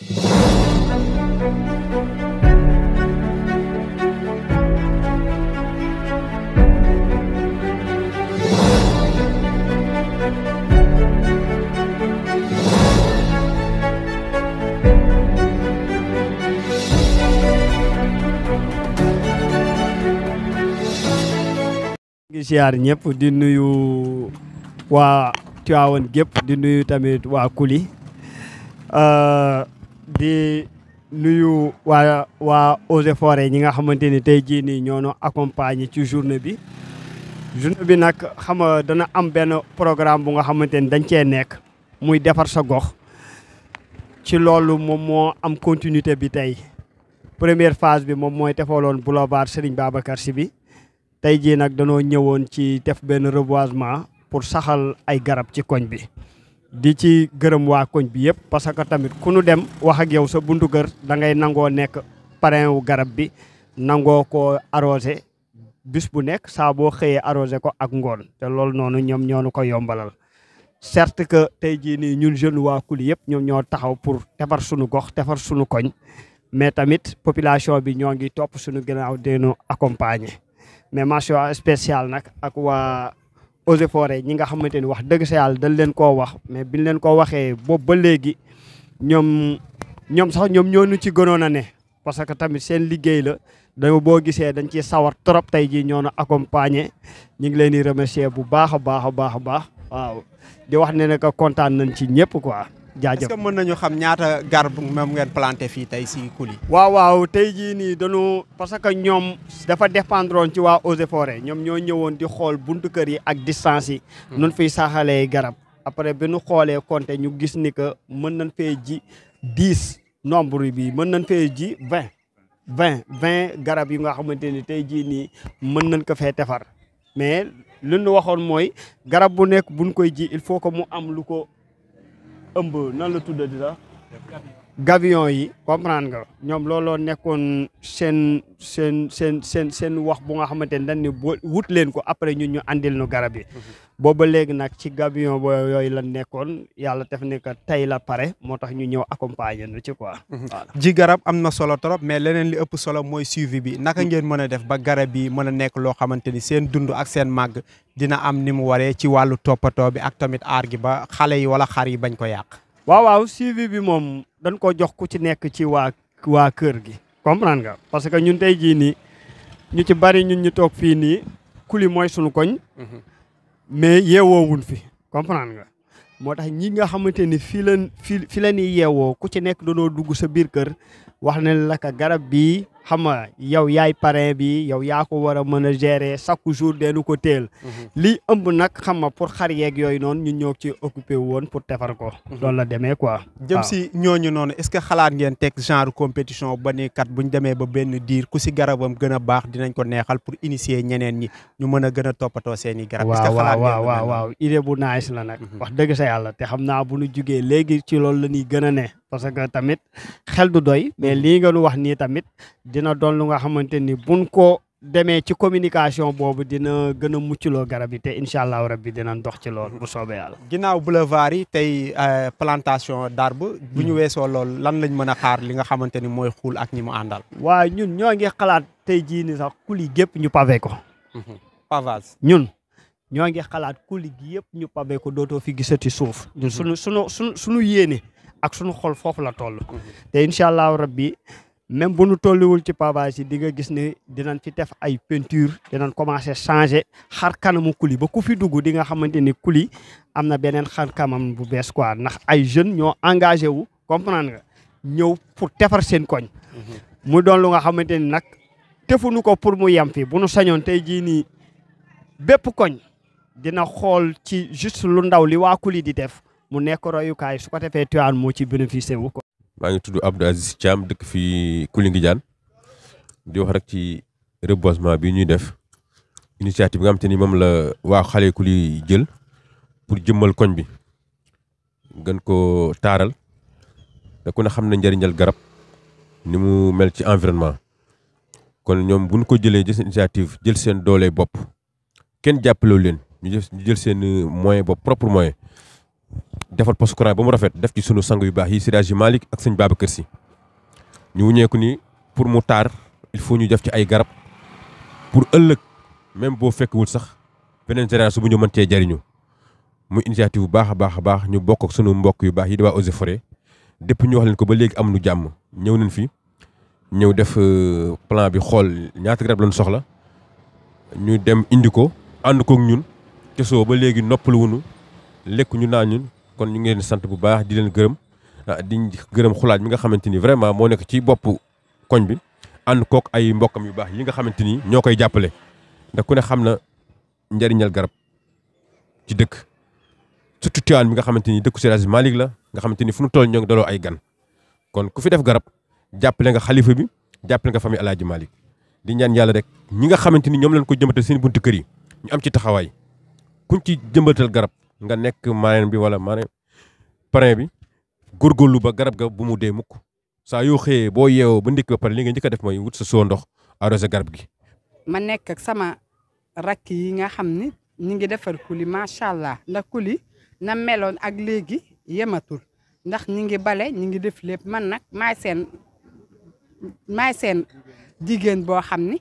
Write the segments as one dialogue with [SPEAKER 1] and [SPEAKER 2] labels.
[SPEAKER 1] ngi siyaar ñëpp di nuyu waa Tiwaawan gépp di nuyu tamit waa Kuli euh, di nuyu waa waa Eaux et Forêts ñi nga xamante ni tey jii nii ñoo ñu accompagner ci journée bi. journée bi nag xam nga dana am benn programme bu nga xamante ni dañ cee nekk muy defar sa gox ci loolu moom moo am continuité bi tey. première phase bi moom mooy defaloon boulevard Serigne Babacar Sy bi tey jii nag danoo ñëwoon ci def benn reboisement pour saxal ay garab ci koñ bi. di ci gërëm waa koñ bi yëpp parce que tamit ku nu dem wax ak yow sa buntu kër da nangoo nekk parrain wu garab bi nangoo ko arrosé bis bu nekk saa xëyee arrosé ko ak ngoon te loolu noonu ñoom ñoo nu ko yombalal. certes que tey jii nii ñun jeune waa Kuli yëpp ñoom ñoo taxaw pour defar suñu gox defar suñu koñ mais tamit population bi ñoo ngi topp suñu gannaaw deenu accompagner mais mention spéciale nag ak waa. eaux et forêt ñi nga xamante ni wax dëgg sa yàlla dañ leen koo wax mais biñ leen koo waxee boobu ba léegi ñoom ñoom sax ñoom ñoo nu ci gënoon a ne parce que tamit seen liggéey la dañu boo gisee dañ ciy sawar trop tey jii ñoo ñu accompagner ñu ngi leen di remercier bu baax a baax a baax a baax waaw di wax ne ne que kontaan nañ ci ñëpp quoi. jaajëf que
[SPEAKER 2] mën nañu xam ñaata garab moom ngeen planté fii tey si Kouly. waaw waaw tey jii nii dañu parce que ñoom
[SPEAKER 1] dafa dépendre ci waa eaux et ñoom ñoo ñëwoon di xool buntu kër yi ak distance yi. Hmm. nun fiy saaxalee garab. après bi ñu xoolee compté ñu gis ni que mën nañ fee ji dix nombre bi mën nañ fee ji vingt. vingt vingt garab yi nga xamante ni tey jii nii mën nañ ko fee defar mais li ñu waxoon mooy garab bu nekk buñ koy ji il faut que mu am lu ko. ëmb nan la tuddati sax gavion yi comprendre nga ñoom looloo nekkoon seen seen seen seen seen wax bu nga xamante ne dañ ne wut leen ko après ñun ñu andil nu garab yi. Mhm. booba léegi nag ci gavion bo yooyu la nekkoon yàlla def ne que tey la pare moo tax ñu ñëw accompagner nu ci quoi. Mhm.
[SPEAKER 2] ji garab am na solo trop mais leneen li ëpp solo mooy suivi bi naka ngeen mën a def ba garab yi mën a nekk loo xamante ni seen dund ak seen màgg dina am ni mu waree ci wàllu toppatoo bi ak tamit aar gi ba xale yi wala xar yi bañ ko yàq.
[SPEAKER 1] waawaaw waaw suivi bi moom dañ ko jox ku ci nekk ci waa waa kër gi comprendre nga parce que ñun tey jii nii ñu ci bari ñun ñu toog fii nii kuli mooy suñu koñ mhm. mais yeewoowuñ fi comprendre nga moo tax ñi nga xamante ni fii la fi fi la ñuy yeewoo ku ci nekk danoo dugg sa biir kër wax na la ka garab bii xam nga yow yaay parrain bi yow yaa ko war a mën a gérer chaque jour deenu ko teel. Mhm. li ëmb nag xam nga pour xar
[SPEAKER 2] yeeg yooyu noonu ñun ñoo ci occupé woon pour defar ko. Mhm. loolu la demee quoi. jëm si ñooñu noonu est-ce que xalaat ngeen teg genre compétition ba ni kat bu ñu demee ba benn diir ku si garabam gën a baax dinañ ko neexal pour initier ñeneen ñi ñu mën a gën toppatoo seen i garab. est que xalaat ngeen waaw waaw waaw
[SPEAKER 1] idée bu nice la nag. Mhm. wax dëgg sa yàlla te xam naa bu ñu jugee léegi ci loolu la ñuy gën a ne parce que tamit xel du doy dina doon lu nga xamante ni buñ ko demee ci communication boobu dina gën a muccloo garab yi te incha allahu rabbi dinañ dox ci
[SPEAKER 2] lool bu soobee yàlla. ginnaaw boulevard yi tey euh, plantation d'arbre bu ñu hmm. weesoo lool lan lañ mën a xaar li nga xamante ni mooy xuul ak ñi mu àndal. waaye ñun ñoo ngi xalaat tey jii ni sax
[SPEAKER 1] kuli gépp ñu pavé ko.
[SPEAKER 2] Hmm. pavage ñun.
[SPEAKER 1] ñoo ngi xalaat kuli gi yëpp ñu pabe ko dootoo fi gisati suuf. Hmm. sunu sunu sunu sunu yéene ak sunu xol foofu la toll. te incha allahu rabbi même bu nu tolluwul ci pavage yi di nga gis ni dinañ ci def ay peinture dinañ commencé changer xar kanamu Kuli ba ku fi dugg di nga xamante ni Kuli am na beneen xar kanam bu bees quoi ndax ay jeunes ñoo engagé wu comprendre nga ñëw pour tefar seen koñ. Mm-hmm. mu doon lu nga xamante ni nag tefuñu ko pour mu yem fii bu nu sañoon tey jii nii bépp koñ dina xool ci juste lu ndaw li waa Kuli di def mu nekk royukaay su ko defee Tivaouane moo ci bénéficié wu.
[SPEAKER 3] maa ngi tudd Abdou Aziz Thiam dëkk fii Koulingi Diagne di wax rek ci reboisement bi ñuy def initiative bi nga xam te ni moom la waa xale Kouly jël pour jëmmal koñ bi gën ko taaral te ku ne xam na njëriñal garab ni mu mel ci environnement kon ñoom bu ñu ko jëlee jël seen initiative jël seen doole bopp kenn jàppaloo leen ñu jël seen moyen bopp propre moyen defar post ba mu rafet def ci sunu sang yu baax yi Seydi Malick ak sëñ Babacar si ñu wuñeeku ni pour mu taar il faut ñu def ci ay garab pour ëllëg même boo fekkwul sax beneen génération bu ñu mën cee jariñu mu initiative bu baax a baax a baax ñu bokk ak sunu mbokk yu baax yi di waa Eaux et Forêts depuis ñu wax leen ko ba léegi am nu jàmm ñëw nañ fi ñëw def euh, plan bi xool ñaata garab lañ soxla ñu dem indi ko ànd kook ñun te soo ba léegi noppaluwunu lekk ñu naa ñun kon ñu ngeen leen sant bu baax di leen gërëm ah, di gërëm xulaat mi nga xamante ni vraiment moo nekk ci bopp koñ bi ànd kook ay mbokkam yu baax yi nga xamante ni ñoo koy jàppale ndax ku ne xam na njëriñal garab ci dëkk surtout bi nga xamante ni dëkku Seydi Hadji la nga xamante ni fu mu toll ñoo ngi daloo ay gan kon ku fi def garab jàppale nga xalifa bi jàppale nga famille El Hadji Malick di ñaan yàlla rek ñi nga xamante ni ñoom lañ ko jëmbatal seen buntu kër yi ñu am ci taxawaay kuñ ci jëmbatal garab nga nekk marraine bi wala marraine parrain bi góorgóorlu ba garab ga bu mu dee mukk saa yoo boo yeewoo ba ndikk ba pare li nga njëkk a def mooy wut sa soo ndox arrosé garab gi.
[SPEAKER 4] ma nekk ak sama rakk yi nga xam ni ñu ngi defar kuli macha allah ndax kuli na meloon ak léegi yematul ndax ñi ngi bale ñi ngi def lépp man nag maay seen maay seen jigéen boo xam ni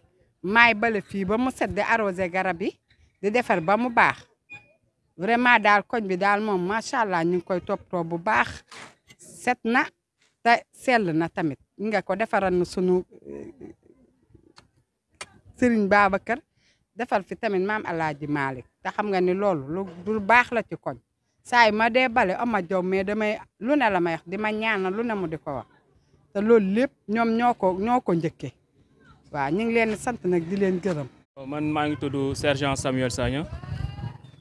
[SPEAKER 4] maay bale fii ba mu set di arrosé garab yi di defar ba mu baax. vraiment daal koñ bi daal moom macha allah ñu ngi koy toppatoo bu baax set na te sell na tamit nga ko defaral na sunu eh, Serigne Babacar defar fi tamit maam El Hadj Malick te xam nga ni loolu lu baax la ci koñ saa yi ma dee bale oh, ma jow mais damay lu ne la ma wax di ma ñaanal lu ne mu di ko wax te loolu lépp ñoom ñoo ko ñoo ko njëkkee waaw ñu ngi leen sant nag di leen gërëm.
[SPEAKER 5] man maa ngi tudd sergent Samuel Sagna.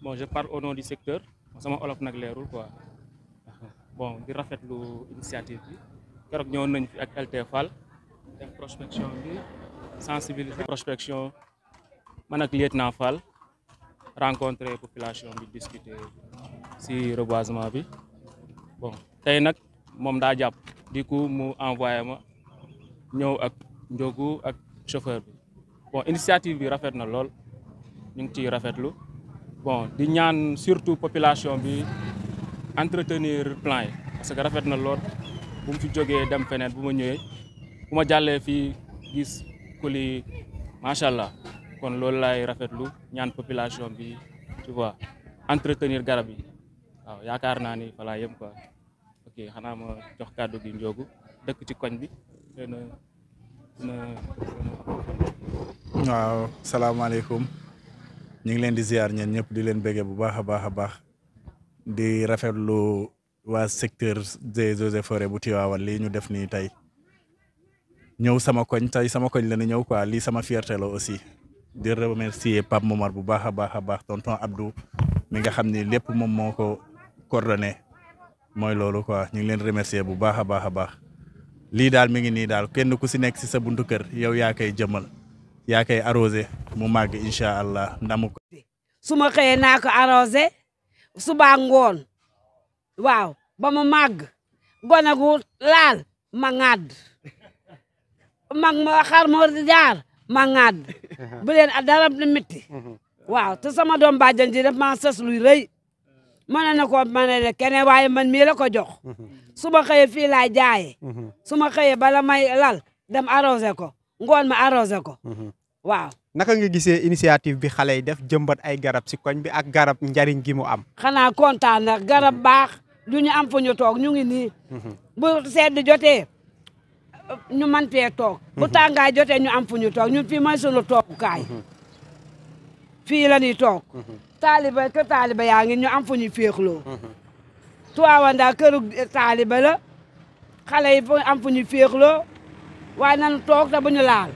[SPEAKER 5] bon je parle au nom du secteur sama olof nag leerul quoi bon di rafetlu initiative bi keroog ñëwoon nañ fi ak LT Fall def prospection bi sensibiliser prospection man ak lieutenant Fall rencontrer population bi discuter si reboisement bi bon tey nag moom daa jàpp di coup mu envoyé ma ak njogu ak chauffeur bi bon initiative bi rafet na lool ñu ngi ciy rafetlu bon di ñaan surtout population bi entretenir plan yi parce que rafet na lool bu mu fi dem feneen bu ma ñëwee bu ma jàllee fii gis kuli macha allah kon loolu laay rafetlu ñaan population bi tu vois entretenir garab yi waaw yaakaar naa ni falaa yem quoi ok xanaa ma jox kàddu gi njoogu dëkk ci koñ bi xëy na na
[SPEAKER 2] waaw salaamaaleykum ñu ngi leen di ziar ñeen ñëpp di leen béggee bu baax a baax a baax di rafetlu waa secteur des eaux et forêts bu Tivaouane lii ñu def nii tey ñëw sama koñ tey sama koñ leen ñu ñëw quoi lii sama fierté la aussi di remercier Pape Momar bu baax a baax a baax tonton Abdou mi nga xam ni lépp moom moo ko coordonné mooy loolu quoi ñu ngi leen remercier bu baax a baax a baax lii daal mi ngi nii daal kenn ku si nekk si sa buntu kër yow yaa koy jëmal yaa koy arrosé mu màgg incha allah ndamu
[SPEAKER 4] su ma xëyee naa ko arrosé subaa ngoon waaw ba mu màgg gone gu laal ma ŋàdd mag ma xar ma jaar ma ŋàdd bu a dara na métti waaw te sama doom bàjjan ji daf maa sës luy rëy mën na ko mën na ne waaye man mii la ko jox su ma xëyee fii laay jaayee su ma xëyee bala may lal dem arrosé ko ngoon ma arrosé ko waaw
[SPEAKER 2] naka nga gisee initiative bi xale yi def jëmbat ay garab sikoñ bi ak garab njariñ gi mu am.
[SPEAKER 4] xanaa kontaan garab baax du ñu am fu ñu toog ñu ngi nii. Mhm. bu sedd jotee ñu mën fee toog. bu mhm. tàngaay jotee ñu am fu ñu toog ñun fii mooy sunu toogukaay. Mhm. fii la toog. taaliba kër taaliba yaa ngi ñu am fu ñu féexloo. Tuwaawanda këru taaliba la xale yi fu am fu ñu féexloo waaye nañu toog te bu ñu laal.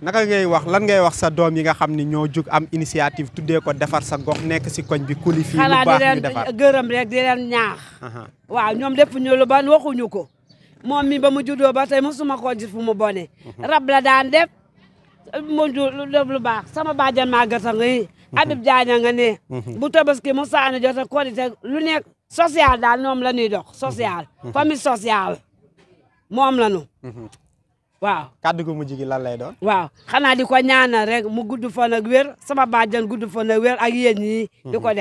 [SPEAKER 2] naka ngay wax lan ngay wax sa doom yi nga xam ni ñoo jug am initiative tuddee ko defar sa gox nekk si koñ bi qualifié lu baax ñu defar
[SPEAKER 4] gërëm rek waaw ñoom defuñu lu waxuñu ko moom mi ba mu juddoo ba tey mosuma koo gis fu mu bonee. rab la daan def mu def lu baax sama bàjjan maa gëstoo nga yi. Habib Diagne nga ne. bu tabaski mu saana jot a korite lu nekk social daal ñoom la ñuy dox social. famille sociale moom la ñu. waaw kàddu gu mujj gi lan lay doon. waaw xanaa di ko ñaanal rek mu gudd fan ak wér sama bàjjan gudd fan ak wér ak yéen ñi di ko mhm.